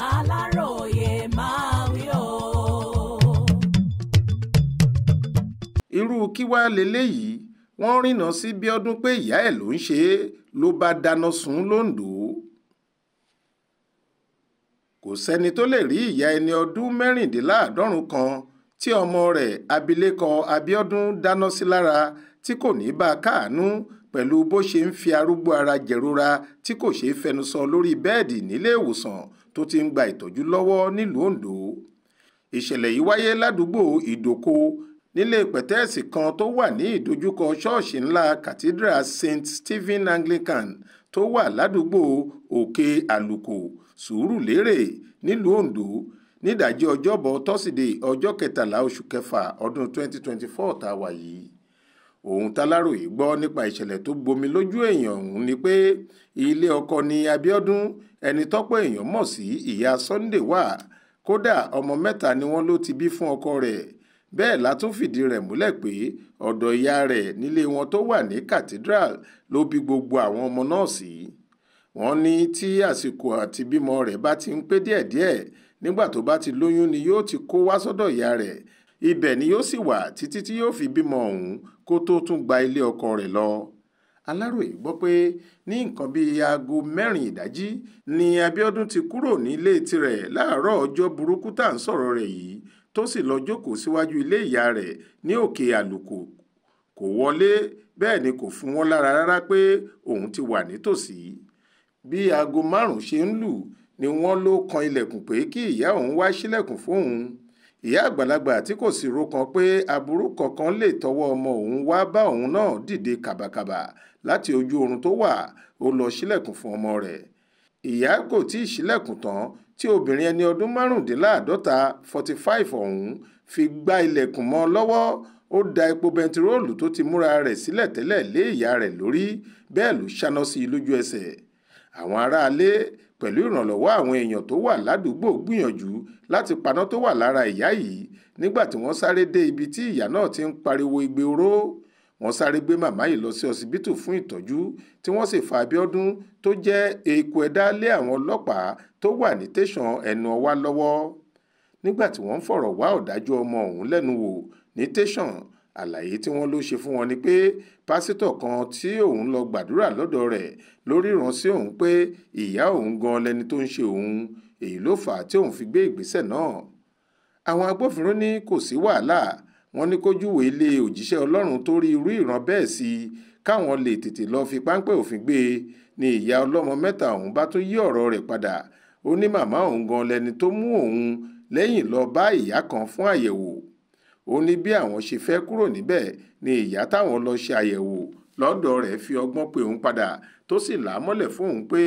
aláròye máa wí o. irú kí wàá lélẹ́yìí wọ́n rìnnà sí Bíọ́dún pé ìyá ẹ̀ ló ń ṣe é ló bá dáná sun lóńdó kò sẹ́ni tó lè rí ìyá ẹni ọdún mẹ́rìndínláàádọ́rùn kan tí ọmọ rẹ̀ abilékọ Abíọ́dún dáná sí lára tí kò ní bá a káàánú pẹ̀lú bó ṣe ń fi arúgbó ara jẹ̀rora tí kò ṣeé fẹnu sọ lórí bẹ́ẹ̀dì nílé ìwòsàn tó ti ń gba ìtọ́jú lọ́wọ́ nílùú Ondo ìṣẹ̀lẹ̀ yìí wáyé ládùúgbò ìdòko nílé pẹ̀tẹ́ẹ̀sì kan tó wà ní ìdojúkọ ṣọ́ọ̀ṣì ńlá cathedral St Stephen Anglican tó wà ládùúgbò òkè àlùkò sùúrùlérè nílùú Ondo nídàjí ọjọ́bọ̀ tọ́sídẹ̀ẹ́ ọjọ́ kẹtàlá oṣù kẹfà ọdún 2024 tá a wà yìí ohun tàlàròyé gbọ́ nípa ìṣẹ̀lẹ̀ tó gbomi lójú èèyàn ọ̀hún ni pé ilé ọkọ ni Abíọ́dún ẹni tọ́pọ̀ èèyàn mọ̀ sí ìyá Sunday wà kódà ọmọ mẹ́ta ni wọ́n ló ti bí fún ọkọ rẹ̀ bẹ́ẹ̀ la tún fìdí rẹ̀ múlẹ̀ pé ọ̀dọ̀ ìyá rẹ̀ nílé wọn tó wà ní cathedral ló bí gbogbo àwọn ọmọ náà sí wọ́n ní tí àsìkò àti bímọ rẹ̀ bá ti ń pé díẹ̀díẹ̀ nígbà tó bá ti lóyún ni yóò ti kó wá sọ́dọ̀ ìyá rẹ̀ ibẹ̀ ni yóò sì wà títí tí yóò fi bímọ ọ̀hún kó tó tún gba ilé ọkọ rẹ̀ lọ aláròye gbọ́ pé ní nǹkan bíi aago mẹ́rin ìdájí ni Abíọ́dún ti kúrò nílé tirẹ̀ láàárọ̀ ọjọ́ burúkú tá à ń sọ̀rọ̀ rẹ̀ yìí tó sì lọ jókòó síwájú ilé ìyá rẹ̀ ní òkè àlùkò kò wọlé bẹ́ẹ̀ ni kò fún wọn lára rárá pé òun ti wà nítòsí bí aago márùn ṣe ń lù ni wọ́n ló kan ilẹ̀kùn pé kí ìyá òun wá sílẹ̀kùn fóun ìyá àgbàlagbà tí kò sì ro kan pé aburú kankan lè tọwọ́ ọmọ òun wá bá òun náà dìde kàbàkàbà láti ojú oorun tó wà ó lọ ṣílẹ̀kùn fún ọmọ rẹ̀ ìyá kò tí ì ṣílẹ̀kùn tán tí obìnrin ẹni ọdún márùndínláàádọ́ta forty five ọ̀hún fi gbá ilẹ̀kùn mọ́ lọ́wọ́ ó da epo bẹntiróòlù tó ti múra rẹ̀ sílẹ̀ tẹ́lẹ̀ lé ìyá rẹ̀ lórí bẹ́ẹ̀ ló ṣáná sí i lójú ẹsẹ̀ àwọn aráalé pẹ̀lú ìrànlọ́wọ́ àwọn èèyàn tó wà ládùúgbò gbìyànjú láti paná tó wà lára ìyá yìí nígbà tí wọ́n sáré dé ibi tí ìyá náà ti ń pariwo igbe oró wọ́n sáré gbé màmá yìí lọ sí ọsibítù fún ìtọ́jú tí wọ́n sì fa Abíọ́dún tó jẹ́ eku ẹ̀dá lé àwọn ọlọ́pàá tó wà ní tẹ̀sán ẹnu ọwá lọ́wọ́ nígbà tí wọ́n fọ̀rọ̀ wá ọ̀dájú ọmọ ọ̀hún lẹ́nu wò ní tẹ̀sán àlàyé tí wọ́n ló ṣe fún wọn ni pé pásítọ̀ kan tí òun lọ gbàdúrà lọ́dọ̀ rẹ̀ lórí ìránṣẹ́ òun pé ìyá òun gan lẹni tó ń ṣe òun èyí ló fà á tí òun fi gbé ìgbésẹ̀ náà àwọn agbófinró ní kò sí wàhálà wọ́n ní kó ilé òjíṣẹ́ ọlọ́run tó rí irú ìran bẹ́ẹ̀ sí i káwọn lè tètè lọ́ọ́ fi páńpẹ́ òfin gbé e ni ìyá ọlọ́mọ mẹ́ta òun bá tún yí ọ̀rọ̀ rẹ̀ padà ó ní màmá òun gan lẹni tó mú òun lẹ́yìn lọ bá ìyá kan fún àyẹ̀wò ó ní bí àwọn ṣe fẹ́ kúrò níbẹ̀ ni ìyá táwọn lọ ṣe àyẹ̀wò lọ́dọ̀ rẹ̀ fi ọgbọ́n pé òun padà tó sì là á mọ́lẹ̀ fún òun pé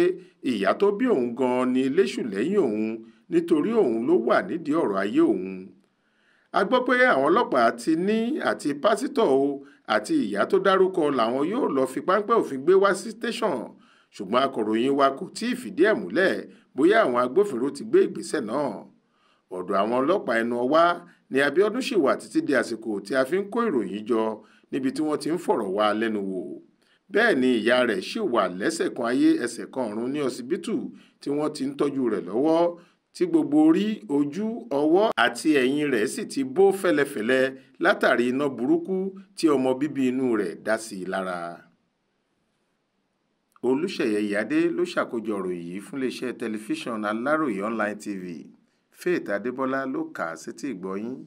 ìyá tó bí òun gan-an ni léṣù lẹ́yìn òun nítorí òun ló wà nídìí ọ̀rọ̀ ayé òun a gbọ́ pé àwọn ọlọ́pàá ti ní àti pásítọ̀ o àti ìyá tó dárúkọ làwọn yóò lọ fi páńpẹ́ òfin gbé wá sí tẹ̀sán ṣùgbọ́n akọ̀ròyìn wa kò tí ì fìdí ẹ̀ múlẹ̀ bóyá àwọn agbófinró ti gbé ìgbésẹ̀ náà ọ̀dọ̀ àwọn ọlọ́pàá ẹnu ọwá ni Abíọ́dún ṣì wà títí di àsìkò tí a fi ń kó ìròyìn jọ níbi tí wọ́n ti ń fọ̀rọ̀ wá lẹ́nu wò bẹ́ẹ̀ ni ìyá rẹ̀ ṣì wà lẹ́sẹ̀ kan ayé ẹsẹ̀ kan ọ̀run ní ọsibítù tí wọ́n ti ń tọ́jú rẹ̀ lọ́wọ́ tí gbogbo orí ojú ọwọ́ àti ẹ̀yìn rẹ̀ sì ti bó fẹ́lẹ́fẹ́lẹ́ látàrí iná burúkú tí ọmọ bíbí inú rẹ̀ dá sí i lára. Olúṣèyẹ Ìyádé ló ṣàkójọ ọ̀rọ̀ yìí fún iléeṣẹ́ tẹlifíṣàn Aláròyé online tv faith adébọlá ló kà á sétíìgbọ́ yín